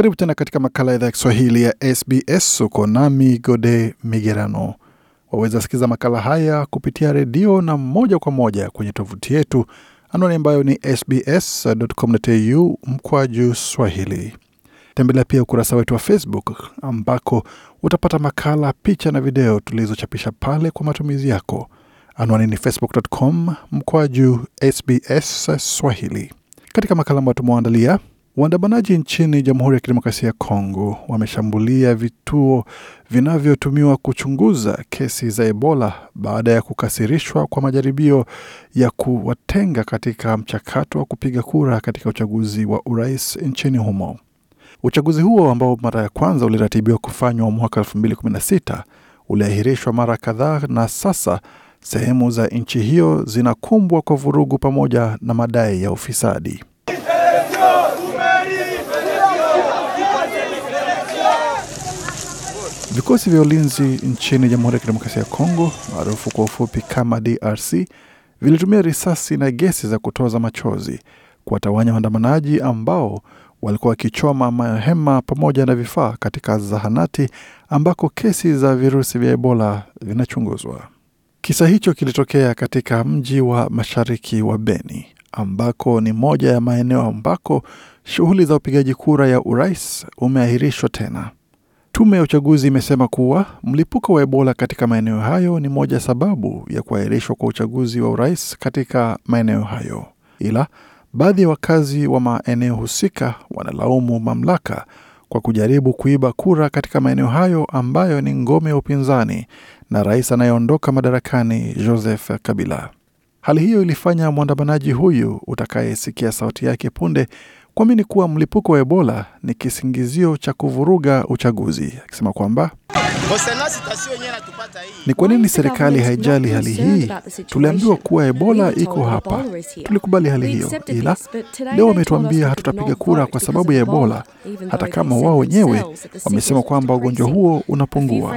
Karibu tena katika makala ya idhaa ya Kiswahili ya SBS. Uko nami Gode Migerano. Waweza sikiza makala haya kupitia redio na moja kwa moja kwenye tovuti yetu, anwani ambayo ni sbs.com.au mkwaju swahili. Tembelea pia ukurasa wetu wa Facebook ambako utapata makala, picha na video tulizochapisha pale kwa matumizi yako. Anwani ni facebook.com mkwaju sbs swahili. Katika makala ambayo tumewaandalia Waandamanaji nchini Jamhuri ya Kidemokrasia ya Kongo wameshambulia vituo vinavyotumiwa kuchunguza kesi za Ebola baada ya kukasirishwa kwa majaribio ya kuwatenga katika mchakato wa kupiga kura katika uchaguzi wa urais nchini humo. Uchaguzi huo ambao mara ya kwanza uliratibiwa kufanywa mwaka 2016 uliahirishwa mara kadhaa na sasa sehemu za nchi hiyo zinakumbwa kwa vurugu pamoja na madai ya ufisadi. Vikosi vya ulinzi nchini Jamhuri ya Kidemokrasia ya Kongo, maarufu kwa ufupi kama DRC, vilitumia risasi na gesi za kutoza machozi kuwatawanya waandamanaji ambao walikuwa wakichoma mahema pamoja na vifaa katika zahanati ambako kesi za virusi vya Ebola vinachunguzwa. Kisa hicho kilitokea katika mji wa mashariki wa Beni ambako ni moja ya maeneo ambako shughuli za upigaji kura ya urais umeahirishwa tena. Tume ya uchaguzi imesema kuwa mlipuko wa Ebola katika maeneo hayo ni moja sababu ya kuahirishwa kwa uchaguzi wa urais katika maeneo hayo, ila baadhi ya wakazi wa maeneo husika wanalaumu mamlaka kwa kujaribu kuiba kura katika maeneo hayo ambayo ni ngome ya upinzani na rais anayeondoka madarakani Joseph Kabila. Hali hiyo ilifanya mwandamanaji huyu utakayesikia sauti yake punde kuamini kuwa mlipuko wa Ebola ni kisingizio cha kuvuruga uchaguzi, akisema kwamba ni kwa nini serikali haijali hali hii? Tuliambiwa kuwa Ebola iko hapa, tulikubali hali hiyo, ila leo wametuambia hatutapiga kura kwa sababu ya Ebola, hata kama wao wenyewe wamesema kwamba ugonjwa huo unapungua.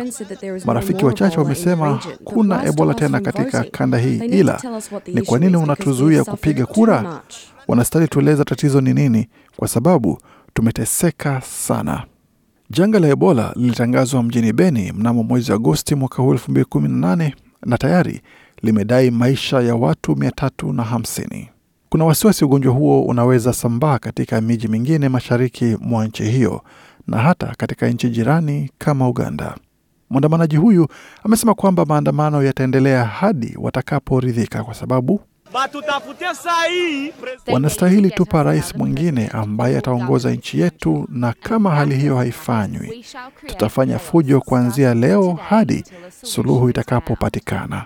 Marafiki wachache wamesema kuna Ebola tena katika kanda hii, ila ni kwa nini unatuzuia kupiga kura? wanastahili tueleza tatizo ni nini, kwa sababu tumeteseka sana. Janga la Ebola lilitangazwa mjini Beni mnamo mwezi Agosti mwaka huu 2018 na tayari limedai maisha ya watu 350. Kuna wasiwasi ugonjwa huo unaweza sambaa katika miji mingine mashariki mwa nchi hiyo na hata katika nchi jirani kama Uganda. Mwandamanaji huyu amesema kwamba maandamano yataendelea hadi watakaporidhika, kwa sababu batutafute sai. Wanastahili tupa rais mwingine ambaye ataongoza nchi yetu, na kama hali hiyo haifanywi, tutafanya fujo kuanzia leo hadi suluhu itakapopatikana.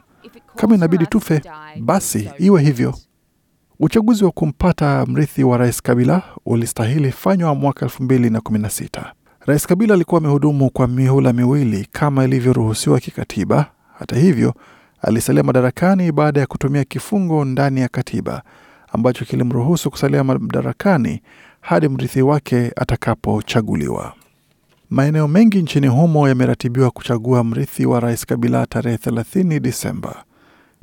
Kama inabidi tufe, basi iwe hivyo. Uchaguzi wa kumpata mrithi wa rais Kabila ulistahili fanywa mwaka 2016. Rais Kabila alikuwa amehudumu kwa mihula miwili kama ilivyoruhusiwa kikatiba. Hata hivyo alisalia madarakani baada ya kutumia kifungo ndani ya katiba ambacho kilimruhusu kusalia madarakani hadi mrithi wake atakapochaguliwa. Maeneo mengi nchini humo yameratibiwa kuchagua mrithi wa rais Kabila tarehe 30 Disemba,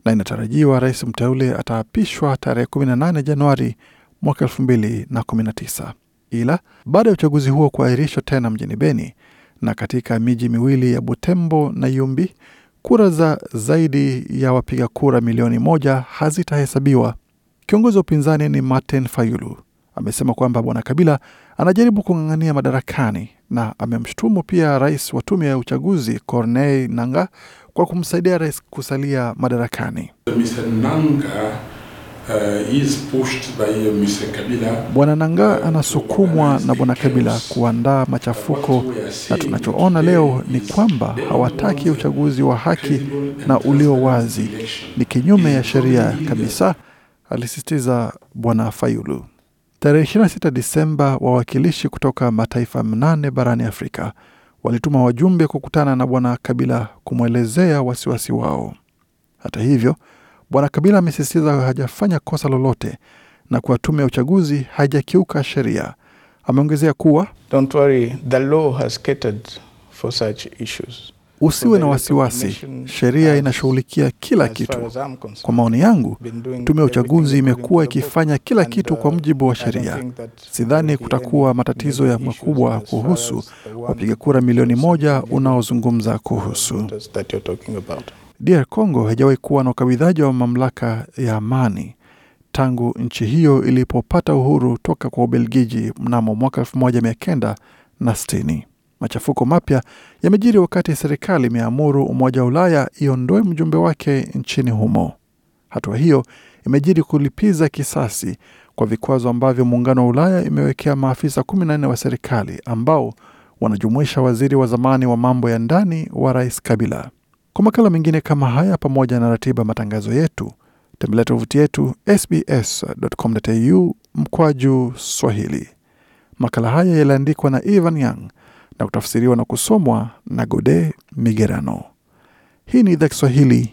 na inatarajiwa rais mteule ataapishwa tarehe 18 Januari mwaka 2019 ila baada ya uchaguzi huo kuahirishwa tena mjini Beni na katika miji miwili ya Butembo na Yumbi kura za zaidi ya wapiga kura milioni moja hazitahesabiwa. Kiongozi wa upinzani ni Martin Fayulu amesema kwamba bwana Kabila anajaribu kung'ang'ania madarakani na amemshutumu pia rais wa tume ya uchaguzi Corneille Nanga kwa kumsaidia rais kusalia madarakani. Mr. Uh, Bwana Nanga anasukumwa na Bwana Kabila kuandaa machafuko, na tunachoona leo ni kwamba hawataki uchaguzi wa haki na ulio wazi, ni kinyume ya sheria kabisa, alisisitiza Bwana Fayulu. Tarehe 26 Disemba, wawakilishi kutoka mataifa mnane barani Afrika walituma wajumbe kukutana na Bwana Kabila kumwelezea wasiwasi wao. Hata hivyo Bwana Kabila amesisitiza hajafanya kosa lolote na kuwa tume ya uchaguzi haijakiuka sheria. Ameongezea kuwa Don't worry, the law has catered for such issues. Usiwe na wasiwasi, sheria inashughulikia kila kitu. Kwa maoni yangu, tume ya uchaguzi imekuwa ikifanya kila kitu kwa uh, mujibu wa sheria. Sidhani kutakuwa matatizo ya makubwa kuhusu wapiga kura milioni moja unaozungumza kuhusu. DR Congo haijawahi kuwa na ukabidhaji wa mamlaka ya amani tangu nchi hiyo ilipopata uhuru toka kwa Ubelgiji mnamo mwaka 1960. Machafuko mapya yamejiri wakati serikali imeamuru Umoja wa Ulaya iondoe mjumbe wake nchini humo. Hatua hiyo imejiri kulipiza kisasi kwa vikwazo ambavyo Muungano wa Ulaya imewekea maafisa 14 wa serikali ambao wanajumuisha waziri wa zamani wa mambo ya ndani wa Rais Kabila. Kwa makala mengine kama haya pamoja na ratiba matangazo yetu, tembelea tovuti yetu sbs.com.au mkwaju Swahili. Makala haya yaliandikwa na Evan Young na kutafsiriwa na kusomwa na Gode Migerano. Hii ni idhaa Kiswahili